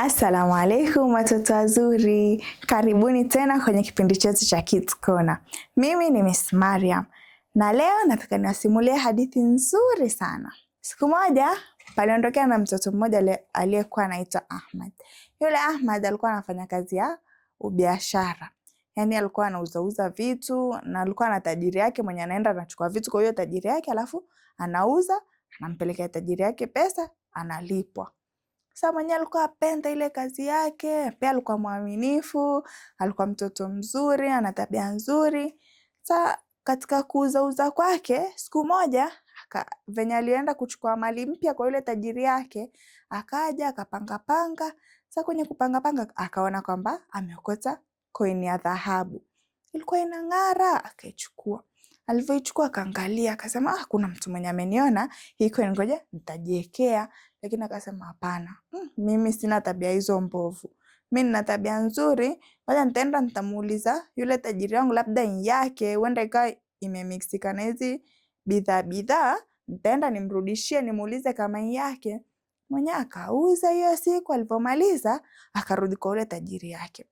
Assalamu alaikum watoto wazuri, karibuni tena kwenye kipindi chetu cha Kids Corner. Mimi ni Miss Mariam na leo nataka niwasimulie hadithi nzuri sana. Siku moja paliondokea na mtoto mmoja aliyekuwa anaitwa Ahmad. Yule Ahmad alikuwa anafanya kazi ya ubiashara, yaani alikuwa anauzauza vitu na alikuwa na tajiri yake mwenye anaenda anachukua vitu kwa hiyo tajiri yake, alafu anauza anampelekea tajiri yake pesa, analipwa sasa mwenyewe alikuwa apenda ile kazi yake, pia alikuwa mwaminifu, alikuwa mtoto mzuri, ana tabia nzuri. Sasa katika kuuzauza kwake, siku moja venye alienda kuchukua mali mpya kwa yule tajiri yake, akaja akapangapanga. Sasa kwenye kupangapanga akaona kwamba ameokota koini ya dhahabu ilikuwa inang'ara, akaichukua. Alivyoichukua akaangalia, akasema ah, kuna mtu mwenye ameniona hiko, ngoja nitajiwekea. Lakini akasema hapana, mm, mimi sina tabia hizo mbovu, mi nina tabia nzuri. Ngoja nitaenda nitamuuliza yule tajiri wangu, labda yake huenda ikawa imemixika na hizi bidhaa bidhaa, nitaenda nimrudishie, nimuulize kama yake mwenye. Akauza hiyo siku, alivyomaliza akarudi kwa yule tajiri yake.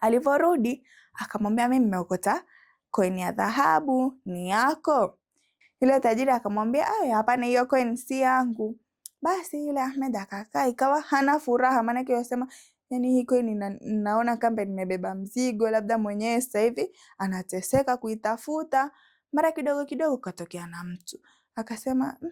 Alivyorudi akamwambia, mimi nimeokota koini ya dhahabu ni yako? Yule tajiri akamwambia, ay, hapana, hiyo koini si yangu. Basi yule Ahmed akakaa, ikawa hana furaha, maanake yosema yani hii koini na, naona kamba nimebeba mzigo, labda mwenyewe sasa hivi anateseka kuitafuta. Mara kidogo kidogo katokea na mtu akasema, mm,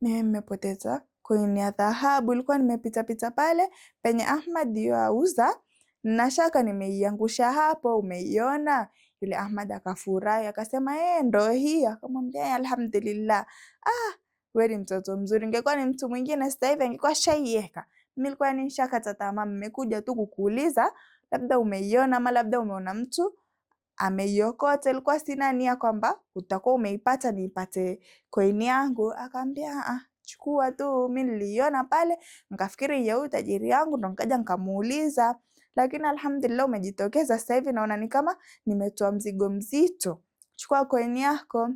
mimi nimepoteza koini ya dhahabu, ilikuwa nimepitapita pale penye Ahmad yo auza, na shaka nimeiangusha hapo, umeiona yule Ahmad akafurahi akasema, eh, ndo hii. Akamwambia eh, alhamdulillah, ah, wewe ni mtoto mzuri, ingekuwa ni mtu mwingine sasa hivi angekuwa shaiweka. Mimi nilikuwa ni shakata tamaa, mmekuja tu kukuuliza, labda umeiona ama labda umeona mtu ameiokota. Ilikuwa sina nia kwamba utakuwa umeipata niipate koini yangu. Akaambia ah, chukua tu, mimi niliiona pale nikafikiri yeye tajiri yangu, ndo nikaja nikamuuliza lakini alhamdulillah umejitokeza sasa hivi, naona ni kama nimetoa mzigo mzito, chukua koini yako.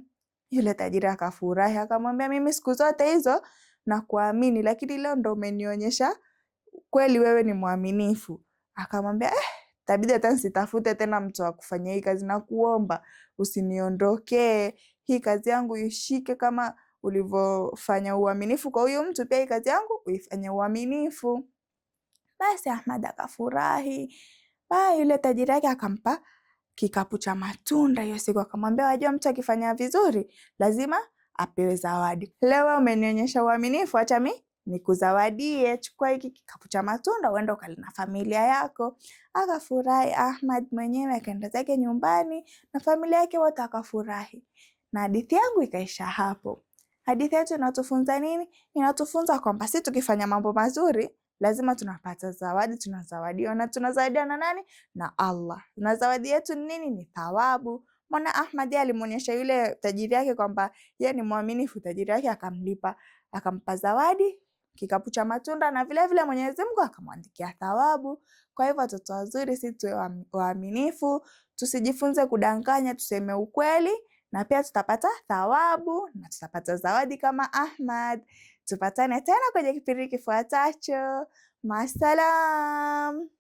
Yule tajiri akafurahi, akamwambia mimi siku zote hizo nakuamini, lakini leo ndo umenionyesha kweli wewe ni mwaminifu. Akamwambia eh, tabidi hata nisitafute tena mtu wa kufanya hii kazi, na kuomba usiniondokee hii kazi yangu, ishike kama ulivyofanya uaminifu kwa huyu mtu, pia hii kazi yangu uifanye uaminifu. Basi Ahmad akafurahi. Basi yule tajiri yake akampa kikapu cha matunda hiyo siku, akamwambia wajua, mtu akifanya vizuri lazima apewe zawadi. Leo umenionyesha uaminifu, acha mi nikuzawadie. Chukua hiki kikapu cha matunda uende ukale na familia yako. Akafurahi Ahmad mwenyewe, akaenda zake nyumbani na familia yake wote akafurahi, na hadithi yangu ikaisha hapo. Hadithi yetu inatufunza nini? Inatufunza kwamba si tukifanya mambo mazuri lazima tunapata zawadi, tunazawadiwa na tunazawadiwa na nani? Na Allah. Na zawadi yetu ni nini? Ni thawabu. Mwana Ahmadi alimwonyesha yule tajiri yake kwamba ye ni mwaminifu, tajiri yake akamlipa, akampa zawadi kikapu cha matunda na vile vile Mwenyezi Mungu akamwandikia thawabu. Kwa hivyo watoto wazuri, si tuwe waaminifu, tusijifunze kudanganya, tuseme ukweli na pia tutapata thawabu na tutapata zawadi kama Ahmad. Tupatane tena kwenye kipindi kifuatacho. masalam